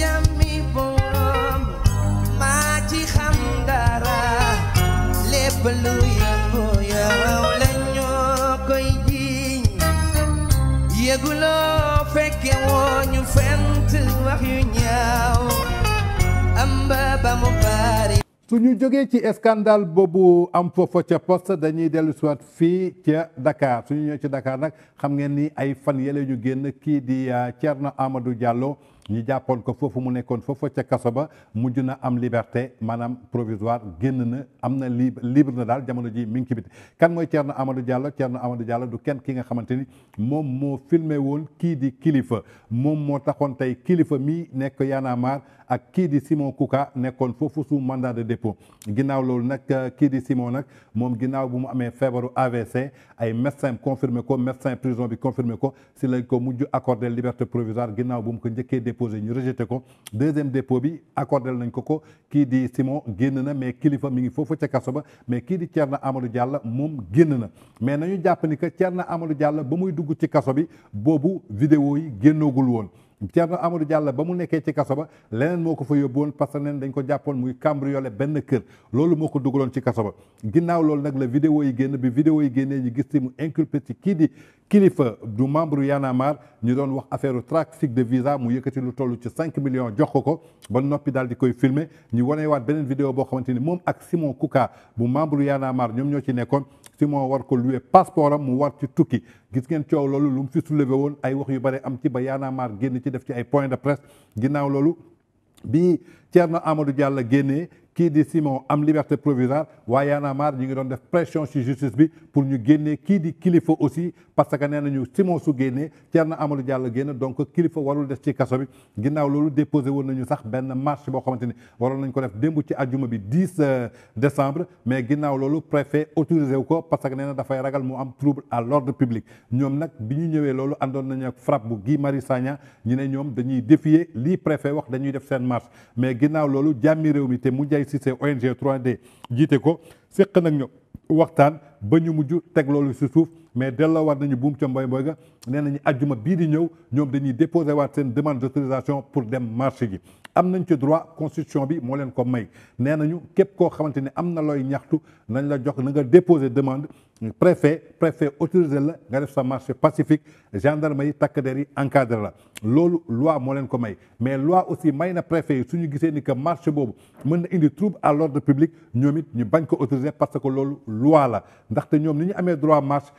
Ya ya suñu joggé ci scandale bobu am fofu ci poste dañuy dellu siwaat fi ci Dakar suñu ñëw ci Dakar nak xam ngeen ni ay fan yele ñu genn ki di Thierno ah, Amadou Diallo ñi jàppoon ko fofu mu nekkoon fofu ca kaso ba mujj na am liberté manam provisoire genn na amna libre na dal jamono ji mi ngi kan moy Thierno Amadou Diallo Thierno Amadou Diallo du kenn ki nga xamanteni mom mo moo filmé woon kii di kilifa mom mo taxone tay kilifa mi nekk yana a marre ak ki di Simon Kouka nekkoon fofu sous mandat de dépôt ginnaaw loolu nak euh, ki di Simon nak mom ginnaaw bu mu amé feebaru AVC ay médecin confirmé ko médecin prison bi confirmé ko si lañ ko mujj accordé liberté provisoire ginnaaw bu mu ko njëkkee déposé ñu rejeté ko deuxième dépôt bi accordé nañ ko ko ki di Simon génn na mais kilifa mi ngi fofu ci kasso ba mais ki di Tierna Amadou Diallo mom génn na mais nañu japp ni que Tierna Amadou Diallo ba muy dugg ci kasso bi bobu vidéo yi génnogul won. Thierno Amadou Diallo ba mu nekkee ci kaso ba leneen moo ko fa yóbbuwoon parce que neen dañ ko jàppoon muy cambriolé benn kër loolu moo ko dugaloon ci kaso ba ginnaaw loolu nag la vidéo yi génn bi vidéo yi génnee ñu gis ci mu inculpé ci kii di kilifa du membre Y'en a ñu doon wax affaire trafic de visa mu yëkkati lu toll ci cinq millions jox ko ko ba noppi daal di koy filmer ñu waat beneen vidéo boo xamante ni moom ak Simon Kouka bu membre Y'en ñoom ñoo ci nekkoon ci Simon war ko loué passeport am mu war ci tukki gis ngeen coow loolu lu mu fi soulevé woon ay wax yu bare am ci ba Y'en a marre génn ci def ci ay point de presse ginnaaw loolu bi Thierno Amadou Diallo génnee kii di Simon am liberté provisoire waaye Y'en a marre ngi doon def pression ci justice bi pour ñu génnee kii di kilifa aussi parce que nee nañu Simon su génnee Thierno Amadou Diallo génn donc kilifa warul des ci kaso bi ginnaaw loolu déposé woon nañu sax benn marche boo xamante ni waroon nañ ko def démb ci ajuma bi 10 euh, décembre mais ginnaaw loolu préfet autorisé wu ko parce que nee na dafay ragal mu am trouble à l'ordre public ñoom nag bi ñu ñëwee loolu àndoon nañu ak frappe bu Guy Marius Sagna ñu ne ñoom dañuy défier lii préfet wax dañuy def seen marche mais ginnaaw loolu jàmmi réew mi mu jay si Cissé ONG 3D jiite ko séq nag ñu waxtaan ba ñu mujj teg loolu si suuf mais delloo waat nañu buum ca mboy mboy ga nee aljuma bi di ñew ñom dañuy déposer waat sen demande d'autorisation pour dem marché gi am nañ ci droit constitution bi mo leen ko may nee kep ko xamanteni amna loy ñaxtu nañ la jox nga déposer demande préfet préfet autorisé la nga def sa marché pacifique gendarme yi takk yi encadré la loolu loi mo leen ko may mais loi aussi may na préfet yi suñu gisee ni que marché bobu mën na indi trouble à l'ordre public ñomit ñu bañ ko autoriser parce que loolu loi la ndaxte ñom ni ñu amé droit marche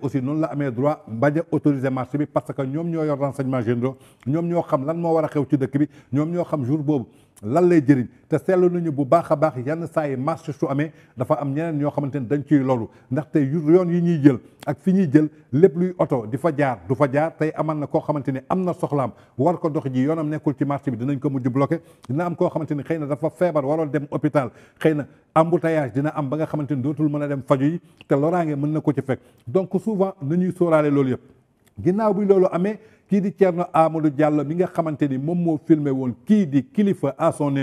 aussi non la mes droit bañ autoriser marché bi parce que ñom ñoy yor renseignement généraux nous ñoo xam lan jour lan lay jëriñ te seetlu nañu bu baax a baax yenn saa yi marché su amee dafa am ñeneen ñoo xamante ni dañ ciy loru ndaxte yoon yi ñuy jël ak fi ñuy jël lépp luy oto di fa jaar du fa jaar tey aman na koo xamante ni am na soxlaam war ko dox ji yoonam nekkul ci marché bi dinañ ko mujj bloqué dina am koo xamante ni xëy na dafa feebar waroon dem hôpital xëy na embouteillage dina am ba nga xamante ni dootul mën a dem faju yi te loraange mën na ko ci fekk donc souvent nañuy sóoraale loolu yëpp ginnaaw bi loolu amee kii di Thierno Amadou Diallo mi nga xamante ni moom moo filmé woon kii di kilifa à son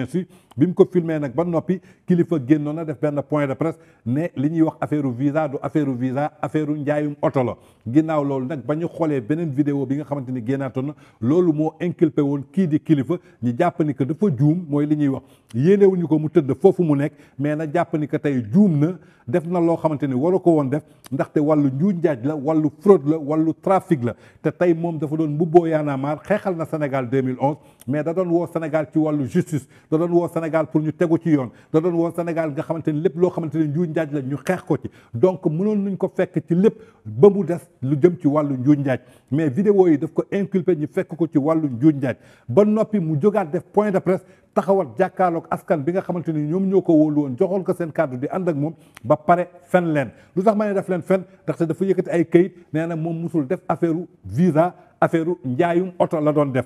bim ko filmé nak ba nopi kilifa génnoon na def ben point de presse ne liñuy wax affaireu visa du affaire visa affaire njaayum auto la ginnaw loolu nak bañu xolé benen vidéo bi nga xamanteni ni génnaatoon na loolu moo inculpé won ki di kilifa ñi jàpp ni que dafa joom moy liñuy ñuy wax yéenewuñu ko mu teud fofu mu nek mais na jàpp ni que tey juum na def na lo xamanteni ni waru ko woon def ndaxte wàllu njuuj la walu fraude la walu trafic la te tay mom dafa doon mbubboo yaanaamaar xeexal na Sénégal 2011 mais da doon wo Sénégal ci walu justice da doon wo Sénégal Sénégal pour ñu tegu ci yoon da doon woon Sénégal nga xamante ni lépp loo xamante ni njuuj njaaj la ñu xeex ko ci donc mënoon nañ ko fekk ci lépp ba mu des lu jëm ci wàllu njuuj njaaj mais vidéo yi daf ko inculpé ñu fekk ko ci wàllu njuuj njaaj ba noppi mu jógaat def point de presse taxawal jàkkaarloog askan bi nga xamante ni ñoom ñoo ko wóolu woon joxoon ko seen kàddu di ànd ak moom ba pare fen leen lu tax ma ne def leen fen ndaxte dafa yëkkati ay kayit nee na moom musul def affaire visa affaire njaayum oto la doon def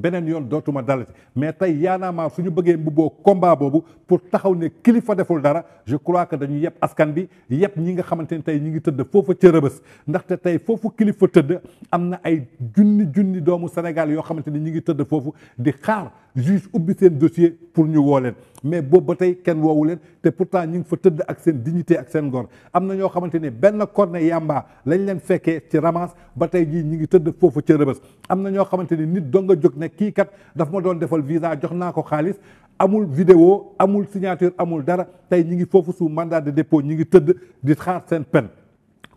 beneen yoon dootuma dalati mais tey yaanaamaar ñu bëggee mbubboo combat boobu pour taxaw ne kilifa deful dara je crois que dañu yeb askan bi yeb ñi nga xamante ni tey ñi ngi tëdd foofa ca rëbës ndaxte tey foofu kilifa tëdd am na ay junni doomu Sénégal yoo xamante ni ñi ngi tëdd foofu di xaar juge ubbi seen dossier pour ñu woo leen mais boobu ba tey kenn woowu leen te pour pourtant ñi ngi fa tëdd ak seen dignité ak seen ngor am na ñoo xamante ni benn corne yamba lañ leen fekkee ci ramas ba tey jii ñi ngi tëdd foofu ca rëbës am na ñoo xamante ni nit doo nga jóg kii kat dafa ma doon defal visa jox naa ko xaalis amul video amul signature amul dara tey ñi ngi foofu sous mandat de dépôt ñi ngi tëdd di xaar seen peine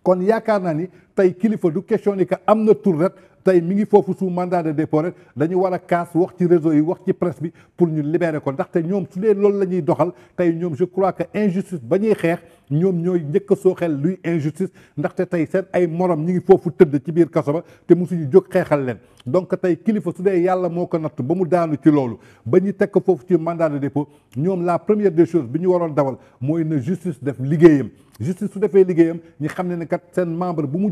kon yaakaar naa ni tay kilifa du question ni que amna na tur rek tey mi ngi fofu sous mandat de dépôt rek dañu war a wax ci réseau yi wax ci presse bi pour ñu libérer ko ndax ndaxte ñom su dee loolu lañuy doxal tay ñom je crois que injustice bañuy xex ñom ñoy ñooy so xel luy injustice ndaxte tay seen ay morom ñi ngi fofu teud ci biir kaso ba te musuñu jóg xexal leen donc tay kilifa su dee yalla moko ko ba mu daanu ci loolu bañu tek fofu ci mandat de dépôt ñom la première des choses bi ñu waroon dawal moy na justice def liggéeyam justice su defee liggéeyam ñi xamné ne kat sen membre bu mu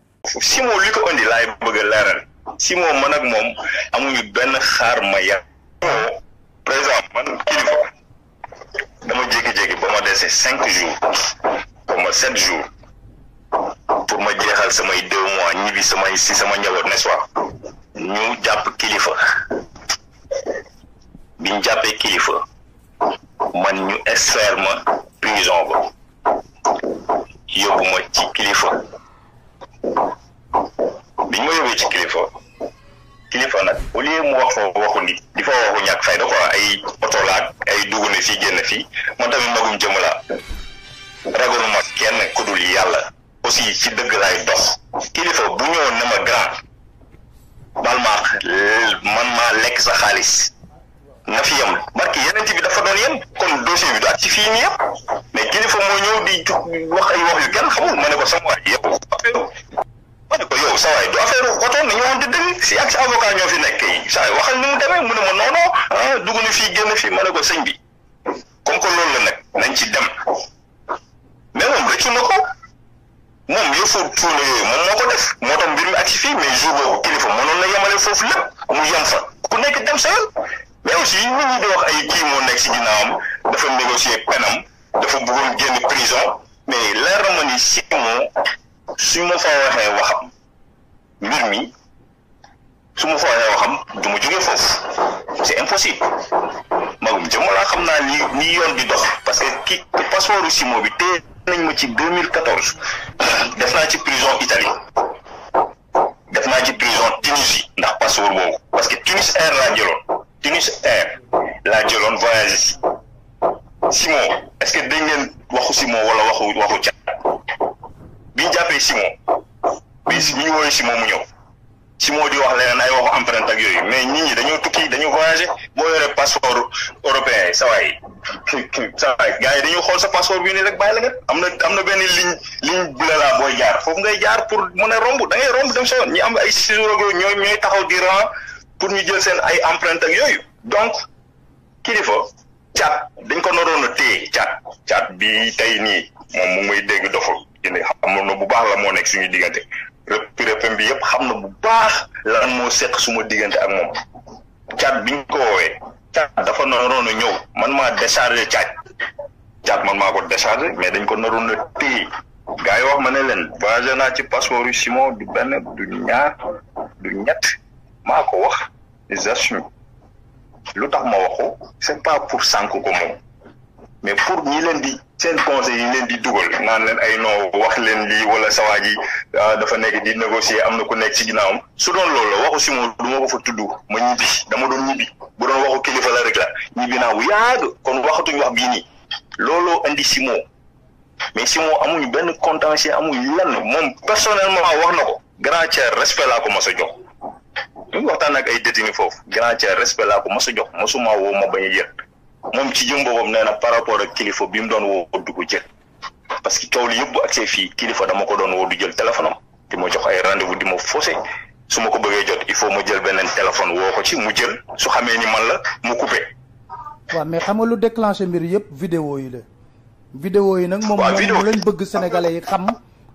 Simon li ko indi laay bëgg a leeral Simon man ak moom amuñu benn xaar ma yàq. par exemple man kilifa dama jékki-jékki ba ma desee cinq jours ba ma sept jours pour ma jeexal samay deux mois ñibbi samay si sama njaboot n'est-ce ñu jàpp kilifa biñ jàppee kilifa man ñu extraire ma prison ba yóbbu ci kilifa. au lieu mu wax foofu waxu nit di fa waxu ñàkk fayda ko ay oto laag ay dugg na fii génn fii man tamit magum jëm laa ragaluma kenn ku dul yàlla aussi ci dëgg laay dox kilifa bu ñëwoon na ma grand bal maa man maa lekk sa xaalis na fi yem barki yeneen bi dafa doon yem kon dossier bi du ak ci fii nii yëpp mais kilifa moo ñëw di wax ay wax yu kenn xamul ma ko sama waay ma ne ko yow saa waay du affaire oto nañu waxante dëgg si ak si avocat ñoo fi nekk yi saa waxal ni mu demee mu ne ma non non ah dugg na fii génn fii ma ne ko sëñ bi comme que loolu la nag nañ ci dem mais moom rëccu na ko moom yëfu tuuna yooyu moom moo ko def moo tax mbir mi ak si fii mais jour boobu kilifa mënoon na yemale foofu lépp mu yem fa ku nekk dem sa mais aussi nit ñi di wax ay kii moo nekk si ginnaawam dafa négocier penam dafa bëggoon génn prison mais leer suñ ma fa waxee waxam mbir mi su ma fa waxee waxam du ma jógee foofu c'est impossible magum jëmm laa xam naa ni ni yoon di dox parce que ki passeport Simo bi te nañ ma ci 2014 def naa ci prison Italie def naa ci prison Tunisie ndax passeport boobu parce que Tunis Air laa jëloon Tunis Air laa jëloon voyage si est que dañ leen waxu Simo wala waxu waxu ca bi ñu jàppee Simon mais si ñu woowee Simon mu ñëw Simon di wax leneen ay waxu empreinte ak yooyu mais nit ñi dañoo tukki dañu voyagé boo yoree passeport européen yi sa waay sa waay gars yi dañu xool sa passeport bi nii rek bàyyi la nga am na am na benn ligne ligne bu la laa jaar foofu ngay jaar pour mën a romb da ngay romb dem sa yoon ñi am ay séjour ak yooyu ñooy ñooy taxaw di rang pour ñu jël seen ay empreinte ak yooyu donc kilifa caat dañ ko naroon a téye caat caat bi tey nii moom mu muy dégg doful jëndee xamoon na bu baax la moo nekk suñu diggante rëpp rëppam bi yëpp xam na bu baax lan moo seq suma diggante ak moom caat biñ ko woowee caat dafa naroon a ñëw man maa déchargé caat caat man maa ko déchargé mais dañ ko naroon a téye gars yi wax ma ne leen voyagé naa ci passeport yu Simon du benn du ñaar du ñet maa ko wax j'assume lu tax ma waxu c'est pas pour sànk ko moom mais pour ñi leen di seen conseil yi leen di dugal naan leen ay non wax leen lii wala sa waa ji ah, dafa nekk di négocier am na ku nekk ci ginnaawam su doon loolu la waxu si moom du ma ko fa tudd ma ñibbi dama doon ñibbi bu doon waxu kilifa la rek la ñibbi naa bu yàgg kon waxatuñ wax bii nii loolu andi si moo mais si moo amuñu benn contentieux amuñu lenn moom personnellement wax na ko grand tiers respect laa ko mas a jox ñu waxtaan ak ay détenu foofu grand tiers respect laa ko mas a jox masuma woo ma bañ a jël moom ci jëm boppam nee na par rapport ak kilifa bi mu doon woo ko jël parce que coow li yëpp bu agsee fii kilifa dama ko doon woo jël téléphone am di ma jox ay rendez-vous di ma faussé su ma ko bëggee jot il faut ma jël beneen téléphone woo ko ci mu jël su xamee ni man la mu coupé. waaw mais xam nga lu déclenché mbir yëpp vidéo yi la. vidéo yi nag moom moom mu leen bëgg sénégalais yi xam.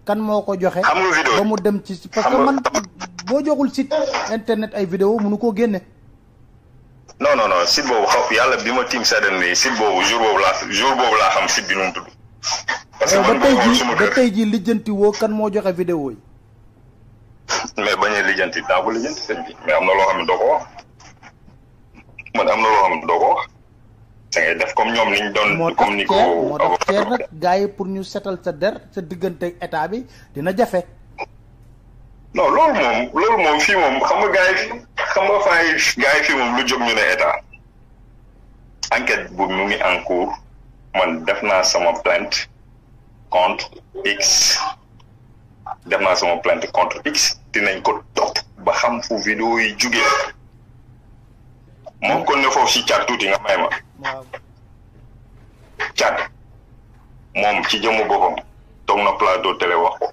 kan moo ko joxe ba mu dem ci. parce que man boo joxul ci internet ay vidéo mënu koo génne. non non non site boobu yàlla bi ma tiim seddal nii site boobu jour boobu laa jour boobu laa xam site bi nu mu parce que eh, man boobu suma kër ba tey jii lijjanti woo kan moo joxe vidéo yi. mais bañ a lijjanti daa ko lijjanti sëñ bi mais am na loo xam ne doo ko wax man am na loo xam doo ko wax. da def comme ñoom niñ doon. comme ni ko moo pour ñu setal sa der sa diggante état bi dina jafe. non loolu moom loolu moom fii moom xam nga gars yi xam nga faay gars yi fii moom lu jóg ñu ne état enquête bu mu ngi en cours man def naa sama plainte contre x def naa sama plainte contre x dinañ ko topp ba xam fu vidéo yi jugee moom kon ne foofu si caat tuuti nga may ma caat moom ci jëmu boppam toog na plateau télé wax ko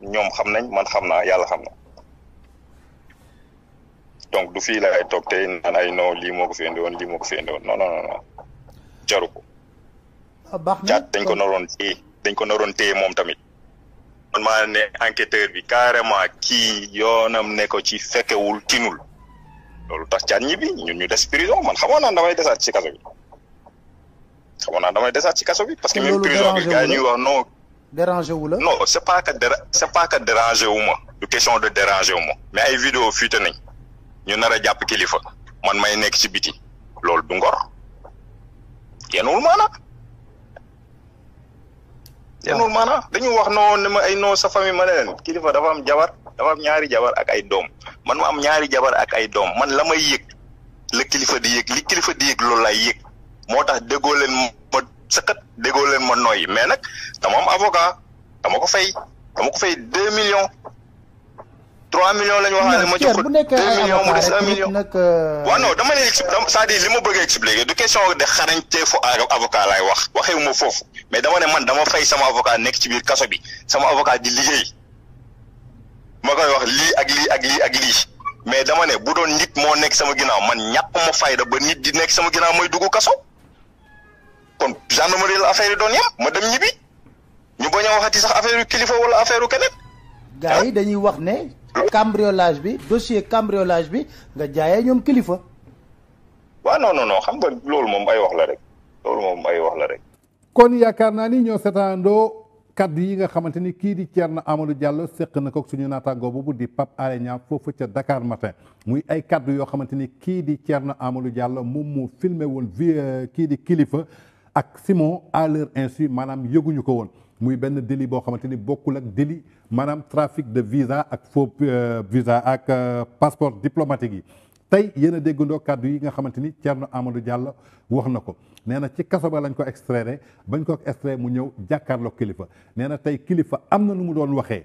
ñoom xam nañ man xam naa yàlla xam na donc du fii laay toog te naan ay non lii moo ko fi indi woon lii moo ko fi indi woon non non non jaru ah, baax na dañ ko naroon téye dañ ko naroon téye moom tamit. ma maa ne enquêteur bi carrément kii yoonam ne ko ci fekkewul tinul loolu tax caat ñi bi ñun ñu des prison man xamoon naa damay desaat ci desaat ci kaso bi. parce que même prison bi gars yi wax non. dérangé wu la. non c' pas que dérangé wu ma du question de dérangé wu ma mais ay vidéo fuite nañ ñu nar a jàpp kilifa man may nekk si biti loolu du ngor yenuwul maana yenuwul maana dañu wax noonu ay noo sa famille ma ne leen kilifa dafa am jabar dafa ñaari jabar ak ay doom man ma am ñaari jabar ak ay doom man lamay may yëg la kilifa di yëg li kilifa moo tax déggoo len sëqat déggoo leen ma nooyi mais nag dama am avocat dama ko fay dama ko fay deux millions trois millions lañu waxaale ma jox ko deux millions mu des un million euh, dama lay expliqué cest à li ma bëggee expliqué du question de xarañteefu avocat laay wax waxewu ma foofu mais dama ne man dama fay sama avocat nekk ci biir kaso bi sama avocat di liggéey ma koy wax lii ak lii ak lii ak lii mais dama ne bu doon nit moo nekk sama ginnaaw man ñàkk ma fayda ba nit di nekk sama ginnaaw mooy kaso kon gendarmerie la affaire yi doon yem ma dem ñibbi ñu bañ waxati sax affaire yu kilifa wala affaire keneen. gaa yi dañuy wax ne. cambriolage bi dossier cambriolage bi nga jaayee ñoom kilifa. waaw non non xam nga loolu moom ay wax la rek loolu moom ay wax la rek. kon yaakaar naa ni ñoo seetaandoo kaddu yi nga xamante ni kii di Thierno Amadou Diallo séq na ko suñu naataangoo boobu di Pape Alé Niang foofu ca muy ay kaddu yoo xamante ni kii di Thierno Amadou Diallo moom moo filmé woon vi kii di kilifa. ak Simon à leur ainsi madame yëguñu ko woon muy ben délit bo xamanteni ni bokkul ak délit madame trafic de visa ak faux euh, visa ak euh, passeport diplomatique yi tay yéen a déggandoo yi nga xamanteni ni Amadou Diallo waxnako na ci kaso ba lañ ko extraire bañ ko extraire mu ñew jakarlo kilifa nee tay kilifa amna lu mu doon waxee.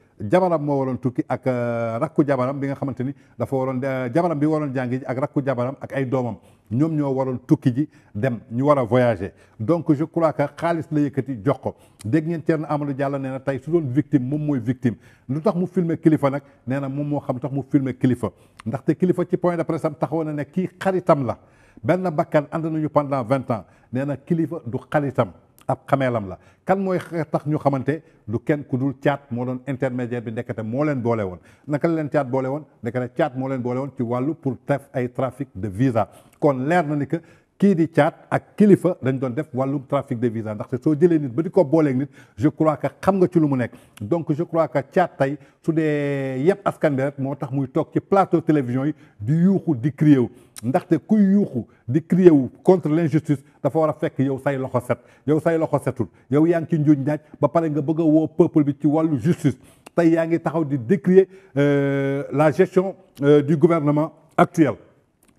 jabaram mo waroon tukki ak euh, rakku jabaram bi nga xamanteni dafa waroon euh, jabaram bi waroon jàngi ak rakku jabaram ak ay domam ñom ñoo waroon tukki ji dem ñu wara voyager donc je crois que khalis la yëkkati jox ko dégg ngeen Thierno Amadou Diallo neena tay su doon victime mom moy victime lu tax mu filmer kilifa nak neena mom mo xam tax mu filmer kilifa ndax te kilifa ci point de presse am taxawoon na ne ki xaritam la ben bakkan ànd nañu pendant 20 ans neena kilifa du xaritam ab xameelam la kan mooy tax ñu xamante du kenn ku dul caat moo doon intermédiaire bi ndekete moo leen boole woon naka la leen caat boole woon ndekete caat moo leen boole woon ci wàllu pour def ay trafic de visa kon leer na ni que kii di caat ak kilifa dañ doon def wàllu trafic de visa ndaxte soo jëlee nit ba di ko booleeg nit je crois que xam nga ci lu mu nekk donc je crois que caat tey su dee yëpp askan bi rek moo tax muy toog ci plateau télévision yi di yuuxu di crier wu ndaxte kuy yuuxu di crier wu contre l'injustice dafa war a fekk yow say loxo set yow say loxo setul yow yaa ngi ci njuñ njaaj ba pare nga bëgg a woo peuple bi ci wàllu justice tey yaa ngi taxaw di décrier euh, la gestion euh, du gouvernement actuel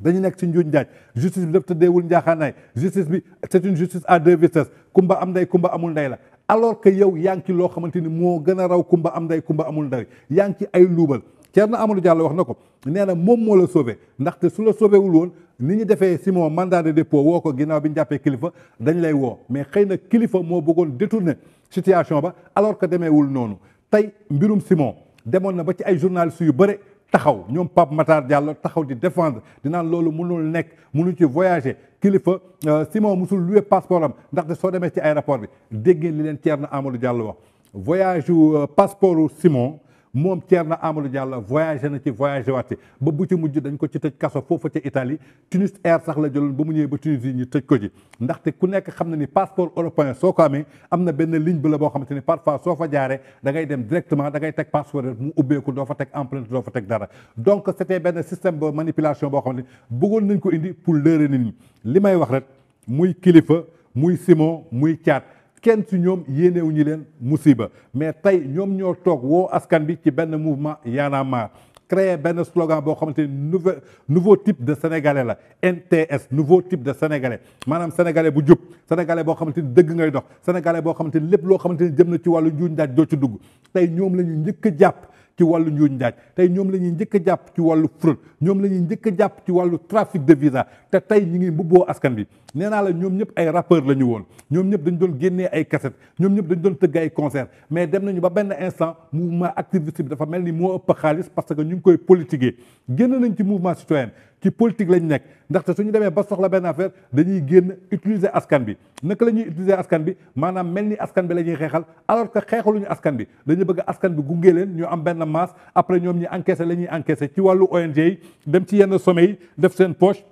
dañu nekk ci njuñ njaaj justice bi daf tëddeewul njaaxaanaay justice bi c'est une justice à deux vitesses kumba am ndey kumba amul ndey la alors que yow yaa ngi ci loo xamante ni moo gën a raw kumba am ndey kumba amul ndey yaa ngi ci ay luubal Thierno Amadou Diallo wax nako neena mom mo la sauver ndax te ndaxte su la sauver wul won ni ñu defee Simon mandat de dépôt woko ko ginnaaw jappé kilifa dañ lay wo mais xeyna kilifa mo bëggoon détourner situation ba alors que démé wul noonu tay mbirum Simon démon na ba ci ay journalistes yu bëre taxaw ñom pap Matar Diallo taxaw di défendre dina loolu mënul nek mënu ci voyager kilifa euh, Simon musul loué passeportam ndax de so démé ci aéroport bi déggé li len Thierno Amadou Diallo wax voyage euh, passeportu Simon moom Thierno Amadou Diallo voyagé na ci voyagé waate ba bu ci mujj dañ ko ci tëj kaso foofa ca Italie Tunis Air sax la jëloon ba mu ñëwee ba Tunisie ñu tëj ko ci ndaxte ku nekk xam na ni passeport européen soo ko amee am na benn ligne bi la boo xamante ni parfois soo fa jaaree da ngay dem directement da ngay teg passeport mu ubbeeku doo fa teg empreinte doo fa teg dara donc c' était benn système de manipulation boo xamante ni bëggoon nañ ko indi pour leurrer nit ñi li may wax rek muy kilifa muy Simon muy caat kenn si ñoom yéenewuñu leen musiba mais tey ñoom ñoo toog woo askan bi ci benn mouvement Y'en a benn slogan boo xamante ni nouveau nouveau type de sénégalais la NTS nouveau type de sénégalais maanaam sénégalais bu jub sénégalais boo xamante ni dëgg ngay dox sénégalais boo xamante ni lépp loo xamante ni jëm na ci wàllu njuuñ njaaj doo ci dugg tey ñoom la ñu njëkk a jàpp ci wàllu njuuñ njaaj tey ñoom la ñuy njëkk a jàpp ci wàllu fraude ñoom la ñuy njëkk jàpp ci wàllu trafic de visa te tey ñi ngi mbubboo askan bi nee naa la ñoom ñëpp ay rappeurs la ñu woon ñoom ñëpp dañu doon génnee ay cassettes ñoom ñëpp dañu doon tëgg ay concert mais dem nañu ba benn instant mouvement activiste bi dafa mel ni moo ëpp xaalis parce que ñu ngi koy politiquer génn nañ ci mouvement citoyen ci politique lañ nekk ndaxte suñu demee ba soxla benn affaire dañuy génn utiliser askan bi naka la ñuy utiliser askan bi maanaam mel ni askan bi la ñuy xeexal alors que xeexaluñu askan bi dañu bëgg askan bi gunge leen ñu am benn masse après ñoom ñi encaissé la ñuy encaissé ci wàllu ONG yi dem ci yenn sommet yi def seen poche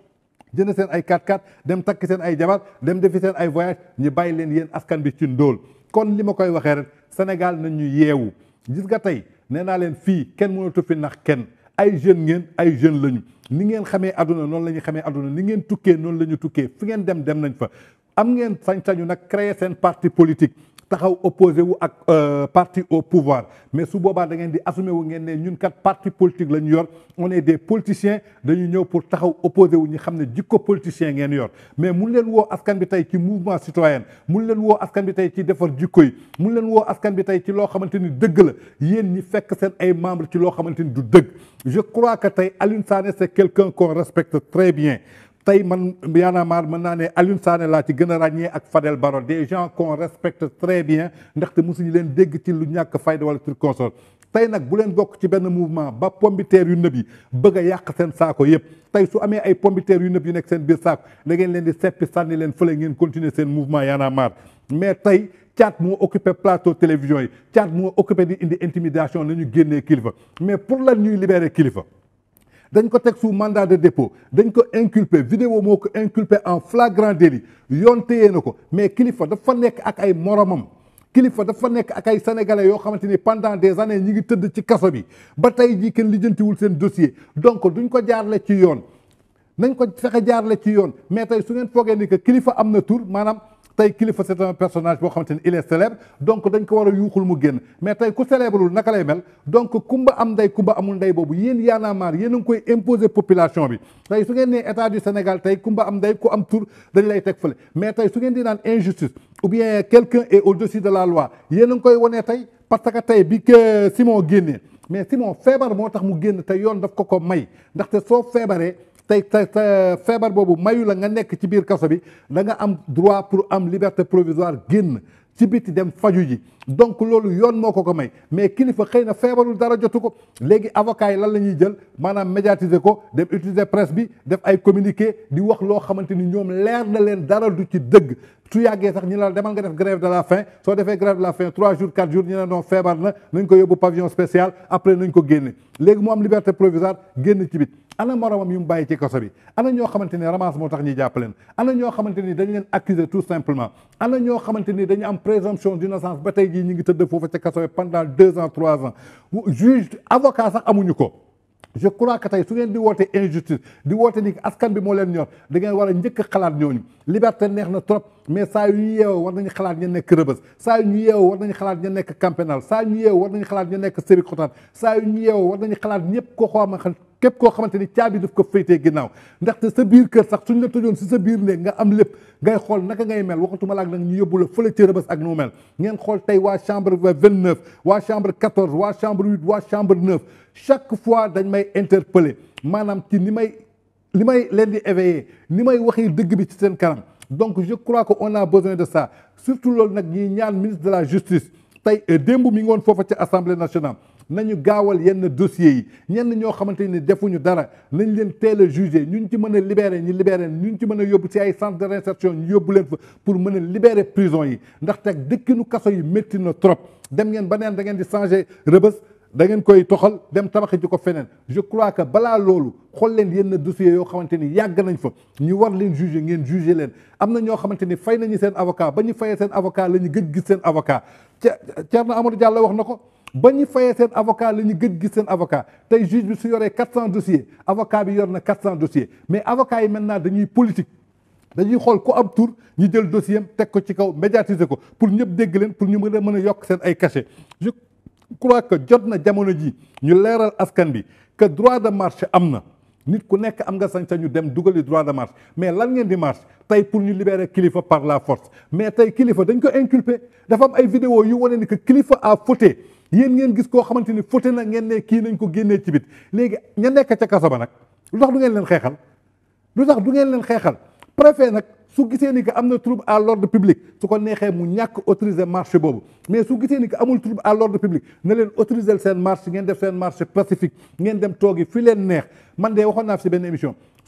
jënd seen ay 4 x dem takk seen ay jabar dem defi seen ay voyage ñu bàyyi leen yéen askan bi ci ndóol kon li ma koy waxee rek Sénégal nañ ñu yeewu gis nga tey nee naa leen fii kenn mënatu fi nax kenn ay jeunes ngeen ay jeunes lañu ni ngeen xamee àdduna noonu la ñu xamee àdduna ni ngeen tukkee noonu la ñu tukkee fu ngeen dem dem nañ fa am ngeen sañ-sañu nag créer seen parti politique taxaw opposé wu ak euh, parti au pouvoir mais su boobaa da ngeen di assumer wu ngeen ne ñun kat parti politique la yor on est des politiciens dañu ñëw pour taxaw opposé wu ñi xam jikko politicien ngeen yor mais mun leen wo askan bi tay ci mouvement citoyen mun leen wo askan bi tay ci defar jikko yi mun leen wo askan bi tay ci lo xamanteni deug la yeen ñi fekk seen ay membres ci lo xamanteni du deug je crois que tay Alioune Sané c'est quelqu'un qu'on respecte très bien tay man Y'en a marre mën naa ne Alioune Sané laa ci gën a ak Fadel Barro des gens qu'on respecte très bien ndaxte mosuñu leen dégg ci lu ñàkk fayda wala tur consort tay nak bu len bok ci ben mouvement ba pombiteer yu nebi bëgg yaq yàq seen saako yëpp tey su amé ay pombiteer yu nëb yu nekk seen bir sako da ngeen len di seppi sanni len fële ngeen continuer seen mouvement yana mar mais tay caat moo occupé plateau télévision yi caat moo occupé di indi intimidation nañu génnee kilifa mais pour la ñuy libérer kilifa dañ ko teg sous mandat de dépôt dañ ko inculpé vidéo moo ko inculpé en flagrant délit yoon téye na ko mais kilifa dafa nekk ak ay moromam kilifa dafa nekk ak ay sénégalais yoo xamante ni pendant des années ñi ngi tëdd ci kaso bi ba tey jii kenn lijjantiwul seen dossier donc duñ ko jaarle ci yoon nañ ko fexe jaarle ci yoon mais tey su ngeen foogee ni que kilifa am na tur maanaam tay kilifa c'est un personnage boo xamante ni il est célèbre donc dañ ko war a yuuxul mu génn mais tey ku célèbrewul naka lay mel donc kumba am ndey kumba amul ndey boobu yéen Y'en a yéen a ngi koy population bi tey su ngeen nee état du Sénégal tey kumba am ndey ku am tur dañ lay teg fële mais tey su ngeen di naan injustice ou bien quelqu'un est au-dessus de la loi yéen a ngi koy wanee tey parce que tey bi que Simon génnee mais Simon feebar moo tax mu génn te yoon daf ko ko may ndaxte soo feebaree tey tey feebar boobu mayu la nga nek ci biir kasso bi la nga am droit pour am liberté provisoire guen ci biti dem faju ji donc lolu yoon moko ko may mais kilifa xëy na feebarul dara jotu ko léegi avocat yi lan lañuy ñuy jël maanaam médiatiser ko dem utiliser presse bi def ay communiquer di wax lo xamanteni ñom lèr leer na leen dara du ci deug tu yagge sax ñu la demal nga def grève de la faim so defé grève de la faim 3 jours 4 jours ñu ne non feebar na nañ ko yóbbu pavillon spécial après nañ ko génne léegi mo am liberté provisoire guen ci biti ana moromam yu mu bàyyi ci kaso bi ana ñoo xamante ni ramasse moo tax leen ana ñoo xamante ni dañ leen accuser tout simplement ana ñoo xamante ni dañu am présomption d'innocence ba tey jii ñu ngi tëdd foofu ca kaso bi pendant deux ans trois ans juge avocat sax amuñu ko je crois que tey su ngeen di woote injustice di woote ni askan bi moo leen ñor da ngeen war a njëkk xalaat ñooñu liberté neex na trop mais saa yu ñu yeewoo war nañu xalaat ña nekk saa ñu yeewoo war nañu xalaat ña nekk Camp Pénal saa yu ñu yeewoo war nañu xalaat ña nekk Sébikotane saa ñu yeewoo war nañu xalaat ñëpp ko xoo ma képp koo xamante ni caabi daf ko féetee ginnaaw ndaxte sa biir kër sax suñ la tëjoon si sa biir ne nga am lépp ngay xool naka ngay mel waxatuma laak nag ñu yóbbu la fële ci rëbës ak nu mel ngeen xool tey waa chambre vingt neuf waa chambre quatorze waa chambre huit waa chambre neuf chaque fois dañ may interpeller maanaam ci ni may li may leen di éveiller ni may waxee dëgg bi ci seen kanam donc je crois que on a besoin de ça surtout loolu nag ñuy ñaan ministre de la justice tey euh, démb mi ngi woon foofa ci assemblée nationale nañu gaawal yenn dossiers yi ñenn ñoo xamante ni defuñu dara nañ leen teel a jugé ñu ci mën a libéré ñu libéré ñu ci mën a yóbbu ci ay centre de réinsertion ñu yóbbu leen fa pour mën a libéré prison yi ndax teg dëkkinu kaso yi métti na trop dem ngeen ba neen da ngeen di changé rëbës da ngeen koy toxal dem tabaxi ji ko feneen je crois que balaa loolu xool leen yenn dossiers yoo xamante ni yàgg nañ fa ñu war leen juger ngeen juger leen am na ñoo xamante ni fay nañu seen avocat ba ñu fayee seen avocat la ñu gëj gis seen avocat Thierno Amadou Diallo wax na ko ba ñu fayee avocat la ñu gën gis sen avocat tay juge bi su yoré 400 dossiers avocat bi yorna 400 quatre dossiers mais avocat yi maintenant dañuy politique dañuy xol ko am tour ñu jël dossier am ko ci kaw médiatiser ko pour ñëpp dégg leen pour ñu mëna yok sen ay cachet je crois que jot na jamono ji ñu léral askan bi que droit de marche amna nit ku nekk am nga sañ-sañu dem dugali droit de marche mais lan ngeen di marche tey pour ñu libérer kilifa par la force mais tey kilifa dañ ko inculper dafa am ay vidéo yu wane ni que kilifa a fauté yéen ngeen gis koo xamante ni fote na ngeen ne kii nañ ko génnee ci bit léegi ña nekk ca kaso ba nag lu tax du ngeen leen xeexal lu tax du ngeen leen xeexal préfet nag su gisee ni que am na trouble à l'ordre public su ko neexee mu ñàkk autoriser marché boobu mais su gisee ni que amul trouble à l'ordre public na leen autoriser seen marché ngeen def seen marché pacifique ngeen dem toogi fi leen neex man de waxoon naa fi si benn émission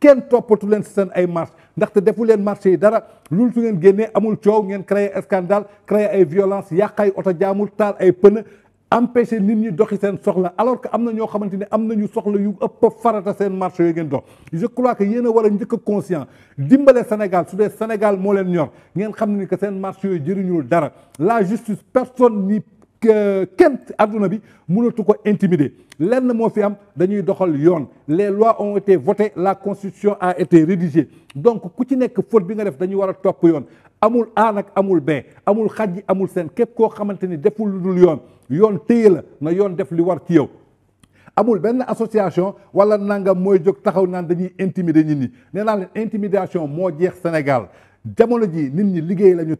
kenn toppatu leen si seen ay marche ndaxte defu leen marché yi dara loolu su ngeen génnee amul coow ngeen créé scandale créé ay violence yàq ay oto jaamul taal ay pneu empêché nit ñi doxi seen soxla alors que am na ñoo xamante ne am ñu soxla yu ëpp farata seen marché yooyu ngeen dox je crois que yéen a war a njëkk a conscient dimbale Sénégal su dee Sénégal moo leen ñor ngeen xam ni que seen marché yooyu jëriñul dara la justice personne ni kenn nous bi mënatu ko intimider lenn moo fi am dañuy doxal yoon les lois ont été votées la constitution a été rédigée donc ku ci nekk faute bi nga def dañuy war a topp yoon amul A nag amul B amul xaj amul seen képp koo xamante deful dul yoon yoon téye la na yoon def li war ci yow amul benn association wala nangam mooy jóg taxaw nan dañuy intimider nit ñi nee naa intimidation moo jeex Sénégal jamono ji nit nini ligé la ñu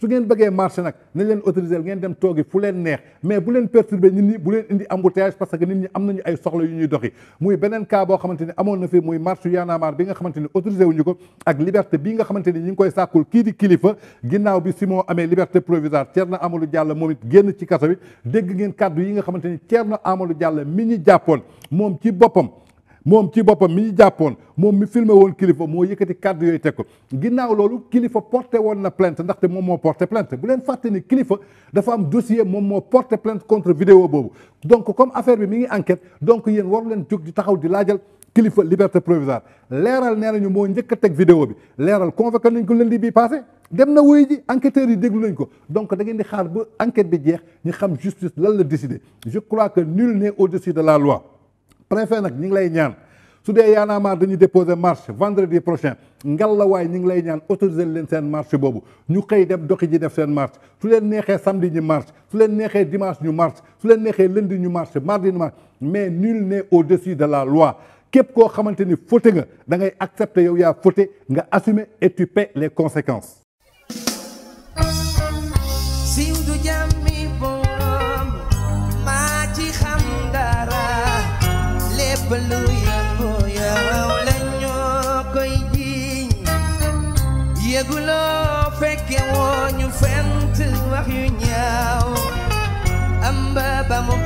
su ngeen bëggee marché nag nañ leen autorisé ngeen dem toogi fu leen neex mais bu leen perturbé nit ñi bu leen indi embouteillage parce que nit ñi am nañu ay soxla yu ñuy doxi muy beneen cas boo xamante ni amoon na fi muy marche yu yaanaamaar bi nga xamante ni autorisé wuñu ko ak liberté bi nga xamante ni ñi ngi koy sàkkul kii di kilifa ginnaaw bi Simon amee liberté provisoire na Amadou jàll moom it génn ci kaso dégg ngeen kàddu yi nga xamante ni Thierno Amadou Diallo mi ñu jàppoon moom ci boppam mom ci bopam mi japon mom mi filmé won kilifa mo yëkëti cadre yoy teg ginnaw lolu loolu kilifa porté won na plainte ndaxte mom mo porté plainte bu len faté ni kilifa dafa am dossier mom mo porté plainte contre vidéo bobu donc comme affaire bi mi ngi enquête donc yeen waru len jóg di taxaw di laajal kilifa liberté provisoire léral nee mo moo njëkk vidéo bi léral convoqué nañ ko lundi bi passé dem na wuy ji enquêteur yi déglu nañ ko donc da ngeen di xaar ba enquête bi jeex ñu xam justice lan la décider je crois que nul n'est au-dessus de la loi préfet nak ñu ngi lay ñaan su dé Y'en a marre déposer marche vendredi prochain ngallaawaay ñu ngi lay ñaan autoriser leen sen marche bobu ñu xey dem doxi ji def sen marche su leen nexé samedi ñu marche su leen nexé dimanche ñu marche su leen nexé lundi ñu marche mardi ñu marche mais nul n'est au-dessus de la loi képp koo xamante ni fauté nga da ngay accepter yow yaa fauté nga assumer et tu paies les conséquences. balu yango ya wlenyo koy jiñ yëguloo fekke woo fent wax yu ñaaw am ba ba